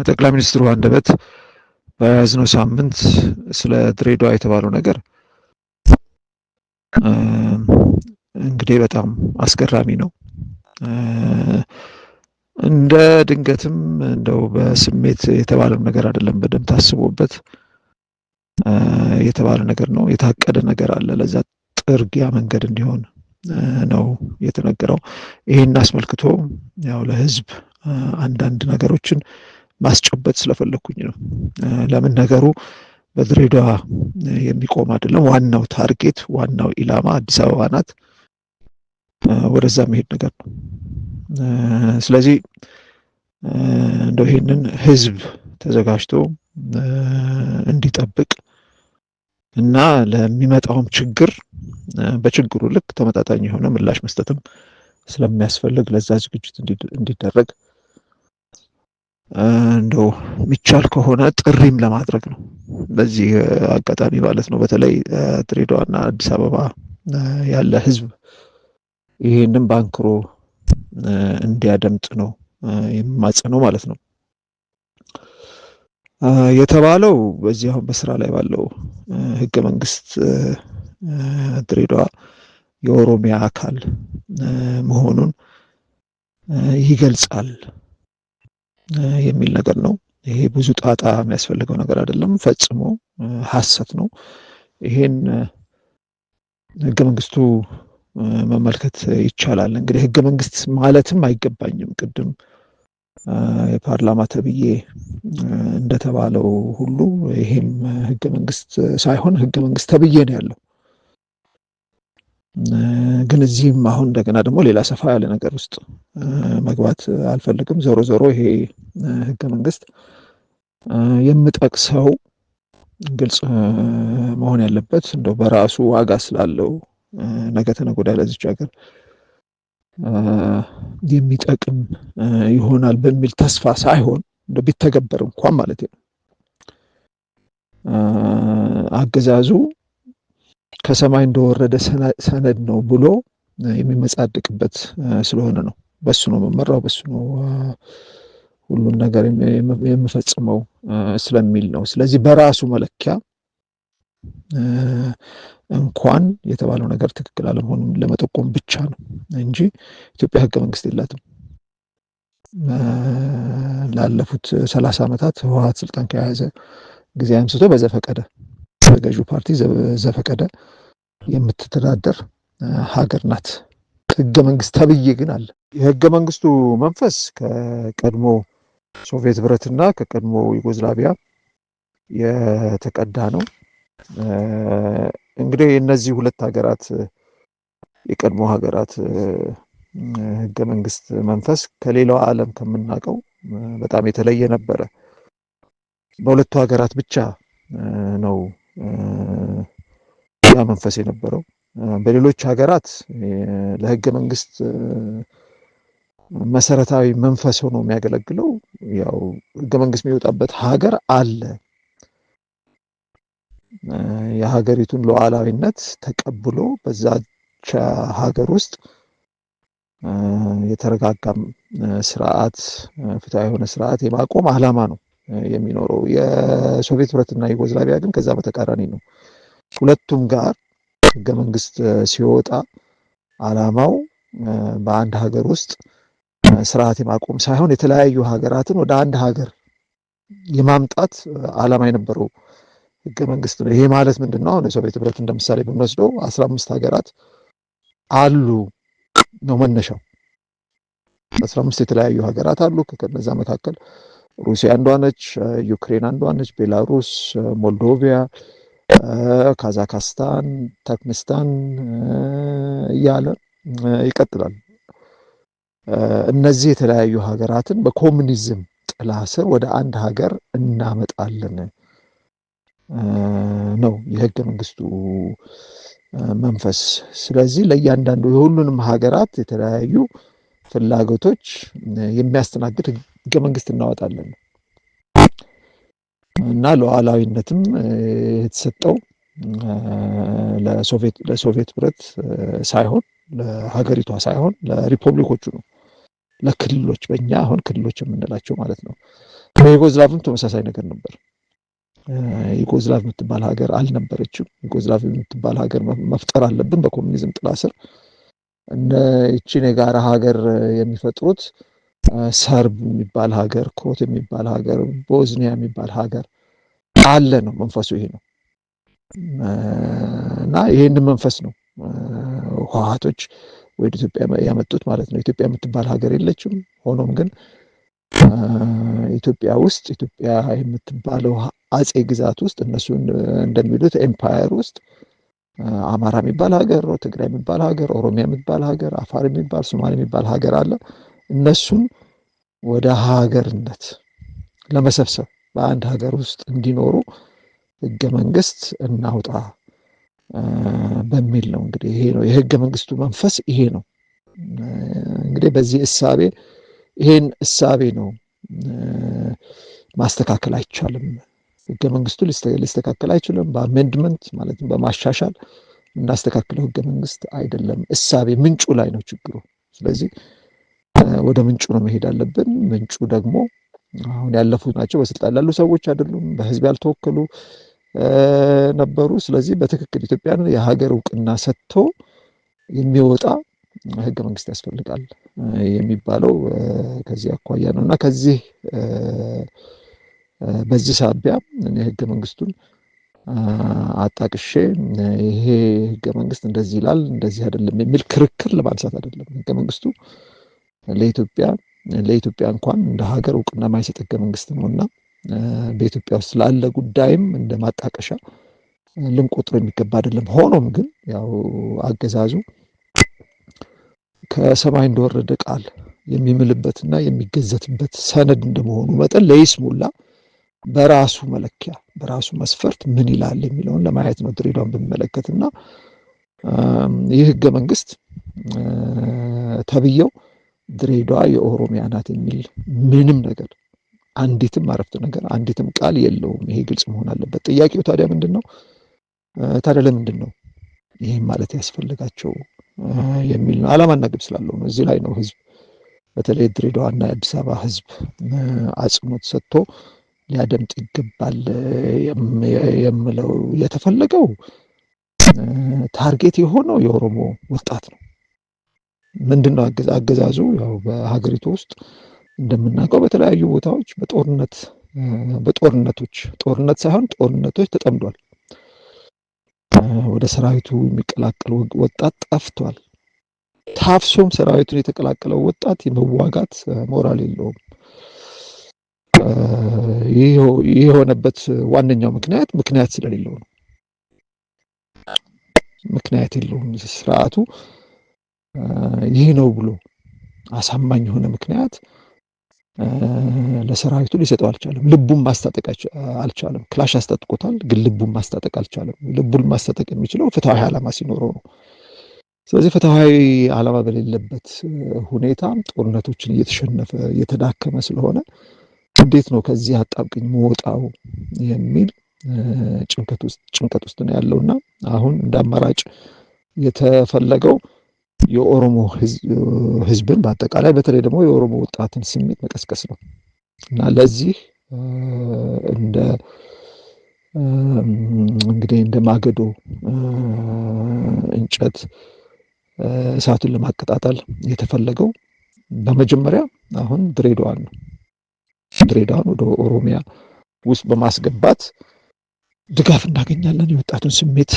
በጠቅላይ ሚኒስትሩ አንደበት በያዝነው ሳምንት ስለ ድሬዳዋ የተባለው ነገር እንግዲህ በጣም አስገራሚ ነው። እንደ ድንገትም እንደው በስሜት የተባለው ነገር አይደለም። በደንብ ታስቦበት የተባለ ነገር ነው። የታቀደ ነገር አለ። ለዛ ጥርጊያ መንገድ እንዲሆን ነው የተነገረው። ይህን አስመልክቶ ያው ለህዝብ አንዳንድ ነገሮችን ማስጨበጥ ስለፈለግኩኝ ነው። ለምን ነገሩ በድሬዳዋ የሚቆም አይደለም። ዋናው ታርጌት፣ ዋናው ኢላማ አዲስ አበባ ናት። ወደዛ መሄድ ነገር ነው። ስለዚህ እንደው ይሄንን ህዝብ ተዘጋጅቶ እንዲጠብቅ እና ለሚመጣውም ችግር በችግሩ ልክ ተመጣጣኝ የሆነ ምላሽ መስጠትም ስለሚያስፈልግ ለዛ ዝግጅት እንዲደረግ እንደው የሚቻል ከሆነ ጥሪም ለማድረግ ነው በዚህ አጋጣሚ ማለት ነው። በተለይ ድሬዳዋና አዲስ አበባ ያለ ህዝብ ይህንም በአንክሮ እንዲያደምጥ ነው ነው ማለት ነው። የተባለው በዚህ አሁን በስራ ላይ ባለው ህገ መንግስት ድሬዳዋ የኦሮሚያ አካል መሆኑን ይገልጻል የሚል ነገር ነው። ይሄ ብዙ ጣጣ የሚያስፈልገው ነገር አይደለም፣ ፈጽሞ ሀሰት ነው። ይሄን ህገ መንግስቱ መመልከት ይቻላል። እንግዲህ ህገ መንግስት ማለትም አይገባኝም። ቅድም የፓርላማ ተብዬ እንደተባለው ሁሉ ይሄም ህገ መንግስት ሳይሆን ህገ መንግስት ተብዬ ነው ያለው። ግን እዚህም አሁን እንደገና ደግሞ ሌላ ሰፋ ያለ ነገር ውስጥ መግባት አልፈልግም። ዞሮ ዞሮ ይሄ ህገ መንግስት የምጠቅሰው ግልጽ መሆን ያለበት እንደው በራሱ ዋጋ ስላለው ነገ ተነጎዳ ለዚች ሀገር የሚጠቅም ይሆናል በሚል ተስፋ ሳይሆን እንደው ቢተገበር እንኳን ማለት ነው አገዛዙ ከሰማይ እንደወረደ ሰነድ ነው ብሎ የሚመጻድቅበት ስለሆነ ነው። በሱ ነው የምመራው፣ በሱ ነው ሁሉን ነገር የምፈጽመው ስለሚል ነው። ስለዚህ በራሱ መለኪያ እንኳን የተባለው ነገር ትክክል አለመሆኑን ለመጠቆም ብቻ ነው እንጂ ኢትዮጵያ ሕገ መንግስት የላትም። ላለፉት ሰላሳ ዓመታት ህወሀት ስልጣን ከያዘ ጊዜ አንስቶ በዘፈቀደ በገዢው ፓርቲ ዘፈቀደ የምትተዳደር ሀገር ናት። ህገ መንግስት ተብዬ ግን አለ። የህገ መንግስቱ መንፈስ ከቀድሞ ሶቪየት ህብረትና ከቀድሞ ዩጎዝላቪያ የተቀዳ ነው። እንግዲህ የእነዚህ ሁለት ሀገራት የቀድሞ ሀገራት ህገ መንግስት መንፈስ ከሌላው ዓለም ከምናውቀው በጣም የተለየ ነበረ። በሁለቱ ሀገራት ብቻ ነው ያ መንፈስ የነበረው። በሌሎች ሀገራት ለህገ መንግስት መሰረታዊ መንፈስ ሆኖ የሚያገለግለው ያው ህገ መንግስት የሚወጣበት ሀገር አለ። የሀገሪቱን ሉዓላዊነት ተቀብሎ በዛቻ ሀገር ውስጥ የተረጋጋም ስርዓት፣ ፍትሃዊ የሆነ ስርዓት የማቆም አላማ ነው የሚኖረው። የሶቪየት ህብረትና ዩጎዝላቪያ ግን ከዛ በተቃራኒ ነው። ሁለቱም ጋር ህገ መንግስት ሲወጣ አላማው በአንድ ሀገር ውስጥ ስርዓት የማቆም ሳይሆን የተለያዩ ሀገራትን ወደ አንድ ሀገር የማምጣት አላማ የነበረው ህገ መንግስት ነው። ይሄ ማለት ምንድን ነው? አሁን የሶቪየት ህብረት እንደምሳሌ ብንወስደው አስራ አምስት ሀገራት አሉ ነው መነሻው። አስራ አምስት የተለያዩ ሀገራት አሉ። ከነዛ መካከል ሩሲያ አንዷ ነች፣ ዩክሬን አንዷ ነች፣ ቤላሩስ፣ ሞልዶቪያ ካዛክስታን፣ ተርክሚስታን እያለ ይቀጥላል። እነዚህ የተለያዩ ሀገራትን በኮሚኒዝም ጥላ ስር ወደ አንድ ሀገር እናመጣለን ነው የህገ መንግስቱ መንፈስ። ስለዚህ ለእያንዳንዱ የሁሉንም ሀገራት የተለያዩ ፍላጎቶች የሚያስተናግድ ህገ መንግስት እናወጣለን። እና ሉዓላዊነትም የተሰጠው ለሶቪየት ህብረት ሳይሆን ለሀገሪቷ ሳይሆን ለሪፐብሊኮቹ ነው፣ ለክልሎች በእኛ አሁን ክልሎች የምንላቸው ማለት ነው። በዩጎዝላቭም ተመሳሳይ ነገር ነበር። ዩጎዝላቭ የምትባል ሀገር አልነበረችም። ዩጎዝላቭ የምትባል ሀገር መፍጠር አለብን በኮሚኒዝም ጥላ ስር እነ ይቺን የጋራ ሀገር የሚፈጥሩት ሰርብ የሚባል ሀገር፣ ኮት የሚባል ሀገር፣ ቦዝኒያ የሚባል ሀገር አለ ነው መንፈሱ። ይሄ ነው እና ይሄንን መንፈስ ነው ህወሓቶች ወደ ኢትዮጵያ ያመጡት ማለት ነው። ኢትዮጵያ የምትባል ሀገር የለችም። ሆኖም ግን ኢትዮጵያ ውስጥ ኢትዮጵያ የምትባለው አጼ ግዛት ውስጥ እነሱ እንደሚሉት ኤምፓየር ውስጥ አማራ የሚባል ሀገር፣ ትግራይ የሚባል ሀገር፣ ኦሮሚያ የሚባል ሀገር፣ አፋር የሚባል ሶማሌ የሚባል ሀገር አለ። እነሱን ወደ ሀገርነት ለመሰብሰብ በአንድ ሀገር ውስጥ እንዲኖሩ ህገ መንግስት እናውጣ በሚል ነው። እንግዲህ ይሄ ነው የህገ መንግስቱ መንፈስ ይሄ ነው። እንግዲህ በዚህ እሳቤ ይሄን እሳቤ ነው ማስተካከል አይቻልም። ህገ መንግስቱ ሊስተካከል አይችልም። በአሜንድመንት ማለትም በማሻሻል እናስተካክለው ህገ መንግስት አይደለም። እሳቤ ምንጩ ላይ ነው ችግሩ። ስለዚህ ወደ ምንጩ ነው መሄድ አለብን። ምንጩ ደግሞ አሁን ያለፉት ናቸው። በስልጣን ላሉ ሰዎች አይደሉም። በህዝብ ያልተወከሉ ነበሩ። ስለዚህ በትክክል ኢትዮጵያን የሀገር እውቅና ሰጥቶ የሚወጣ ህገ መንግስት ያስፈልጋል የሚባለው ከዚህ አኳያ ነው እና ከዚህ በዚህ ሳቢያ እኔ ህገ መንግስቱን አጣቅሼ ይሄ ህገ መንግስት እንደዚህ ይላል እንደዚህ አይደለም የሚል ክርክር ለማንሳት አይደለም። ህገ መንግስቱ ለኢትዮጵያ ለኢትዮጵያ እንኳን እንደ ሀገር እውቅና የማይሰጥ ህገ መንግስት ነው እና በኢትዮጵያ ውስጥ ላለ ጉዳይም እንደ ማጣቀሻ ልንቆጥሮ የሚገባ አይደለም። ሆኖም ግን ያው አገዛዙ ከሰማይ እንደወረደ ቃል የሚምልበትና የሚገዘትበት ሰነድ እንደመሆኑ መጠን ለይስሙላ በራሱ መለኪያ በራሱ መስፈርት ምን ይላል የሚለውን ለማየት ነው ድሬዳዋን ብንመለከት እና ይህ ህገ መንግስት ተብየው ድሬዳዋ የኦሮሚያ ናት የሚል ምንም ነገር አንዲትም አረፍተ ነገር አንዲትም ቃል የለውም። ይሄ ግልጽ መሆን አለበት። ጥያቄው ታዲያ ምንድን ነው? ታዲያ ለምንድን ነው ይህም ማለት ያስፈልጋቸው የሚል ነው። አላማና ግብ ስላለው ነው። እዚህ ላይ ነው ህዝብ በተለይ ድሬዳዋና የአዲስ አበባ ህዝብ አጽንኦት ሰጥቶ ሊያደምጥ ይገባል የምለው የተፈለገው ታርጌት የሆነው የኦሮሞ ወጣት ነው። ምንድን ነው አገዛዙ? ያው በሀገሪቱ ውስጥ እንደምናውቀው በተለያዩ ቦታዎች በጦርነት በጦርነቶች ጦርነት ሳይሆን ጦርነቶች ተጠምዷል። ወደ ሰራዊቱ የሚቀላቀል ወጣት ጠፍቷል። ታፍሶም ሰራዊቱን የተቀላቀለው ወጣት የመዋጋት ሞራል የለውም። ይህ የሆነበት ዋነኛው ምክንያት ምክንያት ስለሌለው ነው። ምክንያት የለውም ስርዓቱ ይህ ነው ብሎ አሳማኝ የሆነ ምክንያት ለሰራዊቱ ሊሰጠው አልቻለም። ልቡን ማስታጠቅ አልቻለም። ክላሽ አስታጥቆታል፣ ግን ልቡን ማስታጠቅ አልቻለም። ልቡን ማስታጠቅ የሚችለው ፍትሐዊ ዓላማ ሲኖረው ነው። ስለዚህ ፍትሐዊ ዓላማ በሌለበት ሁኔታ ጦርነቶችን እየተሸነፈ እየተዳከመ ስለሆነ እንዴት ነው ከዚህ አጣብቅኝ መወጣው የሚል ጭንቀት ውስጥ ነው ያለውና አሁን እንደ አማራጭ የተፈለገው የኦሮሞ ህዝብን በአጠቃላይ በተለይ ደግሞ የኦሮሞ ወጣትን ስሜት መቀስቀስ ነው እና ለዚህ እንደ እንግዲህ እንደ ማገዶ እንጨት እሳቱን ለማቀጣጠል የተፈለገው በመጀመሪያ አሁን ድሬዳዋን ነው። ድሬዳዋን ወደ ኦሮሚያ ውስጥ በማስገባት ድጋፍ እናገኛለን። የወጣቱን ስሜት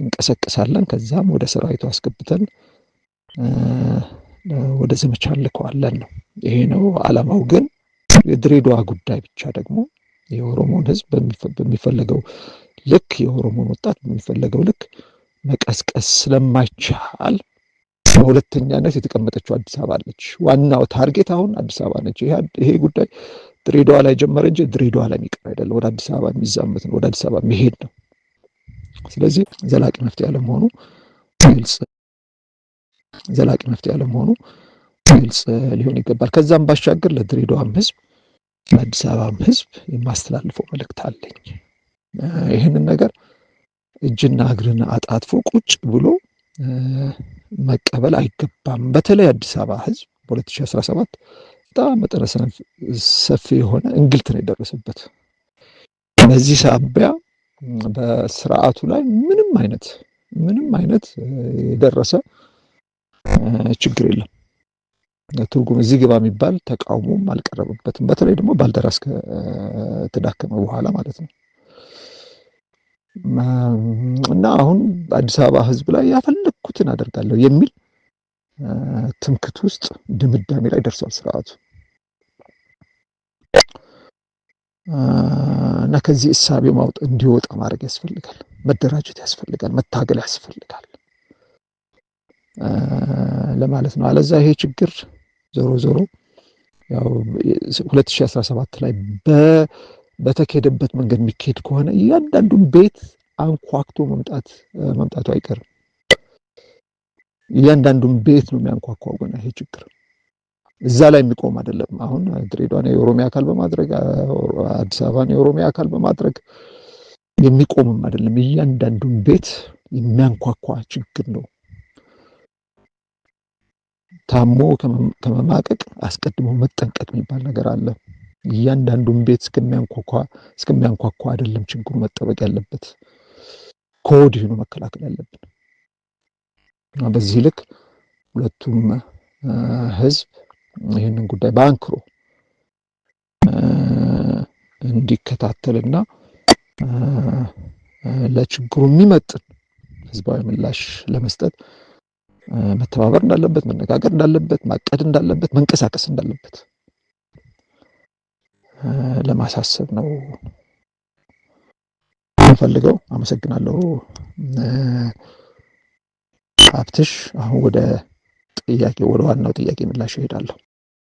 እንቀሰቅሳለን። ከዛም ወደ ሰራዊቱ አስገብተን ወደ ዘመቻ እንልከዋለን ነው ይሄ ነው አላማው። ግን የድሬዳዋ ጉዳይ ብቻ ደግሞ የኦሮሞን ህዝብ በሚፈለገው ልክ የኦሮሞን ወጣት በሚፈለገው ልክ መቀስቀስ ስለማይቻል በሁለተኛነት የተቀመጠችው አዲስ አበባ ነች። ዋናው ታርጌት አሁን አዲስ አበባ ነች። ይሄ ጉዳይ ድሬዳዋ ላይ ጀመረ እንጂ ድሬዳዋ ላይ የሚቀር አይደለም። ወደ አዲስ አበባ የሚዛመት ነው። ወደ አዲስ አበባ የሚሄድ ነው። ስለዚህ ዘላቂ መፍትሄ ያለመሆኑ ግልጽ ዘላቂ መፍትሄ ያለመሆኑ ግልጽ ሊሆን ይገባል። ከዛም ባሻገር ለድሬዳዋም ህዝብ ለአዲስ አበባም ህዝብ የማስተላልፈው መልእክት አለኝ። ይህንን ነገር እጅና እግርን አጣጥፎ ቁጭ ብሎ መቀበል አይገባም። በተለይ አዲስ አበባ ህዝብ በ2017 በጣም መጠነ ሰፊ የሆነ እንግልት ነው የደረሰበት። በዚህ ሳቢያ በስርዓቱ ላይ ምንም አይነት ምንም አይነት የደረሰ ችግር የለም። ትርጉም እዚህ ግባ የሚባል ተቃውሞም አልቀረበበትም። በተለይ ደግሞ ባልደራስ ከተዳከመ በኋላ ማለት ነው እና አሁን አዲስ አበባ ህዝብ ላይ ያፈለግኩትን አደርጋለሁ የሚል ትምክት ውስጥ ድምዳሜ ላይ ደርሷል ስርዓቱ። እና ከዚህ እሳቤ ማውጥ እንዲወጣ ማድረግ ያስፈልጋል። መደራጀት ያስፈልጋል። መታገል ያስፈልጋል ለማለት ነው። አለዛ ይሄ ችግር ዞሮ ዞሮ ያው 2017 ላይ በተካሄደበት መንገድ የሚካሄድ ከሆነ እያንዳንዱን ቤት አንኳክቶ መምጣት መምጣቱ አይቀርም። እያንዳንዱን ቤት ነው የሚያንኳኳው ገና ይሄ ችግር እዛ ላይ የሚቆም አይደለም። አሁን ድሬዳዋን የኦሮሚያ አካል በማድረግ አዲስ አበባን የኦሮሚያ አካል በማድረግ የሚቆምም አይደለም። እያንዳንዱን ቤት የሚያንኳኳ ችግር ነው። ታሞ ከመማቀቅ አስቀድሞ መጠንቀቅ የሚባል ነገር አለ። እያንዳንዱን ቤት እስከሚያንኳኳ እስከሚያንኳኳ አይደለም ችግሩ መጠበቅ ያለበት ከወዲሁ ነው መከላከል ያለብን። በዚህ ልክ ሁለቱም ህዝብ ይህንን ጉዳይ በአንክሮ እንዲከታተልና ለችግሩ የሚመጥን ህዝባዊ ምላሽ ለመስጠት መተባበር እንዳለበት፣ መነጋገር እንዳለበት፣ ማቀድ እንዳለበት፣ መንቀሳቀስ እንዳለበት ለማሳሰብ ነው ፈልገው። አመሰግናለሁ ሀብትሽ። አሁን ወደ ጥያቄ ወደ ዋናው ጥያቄ ምላሽ እሄዳለሁ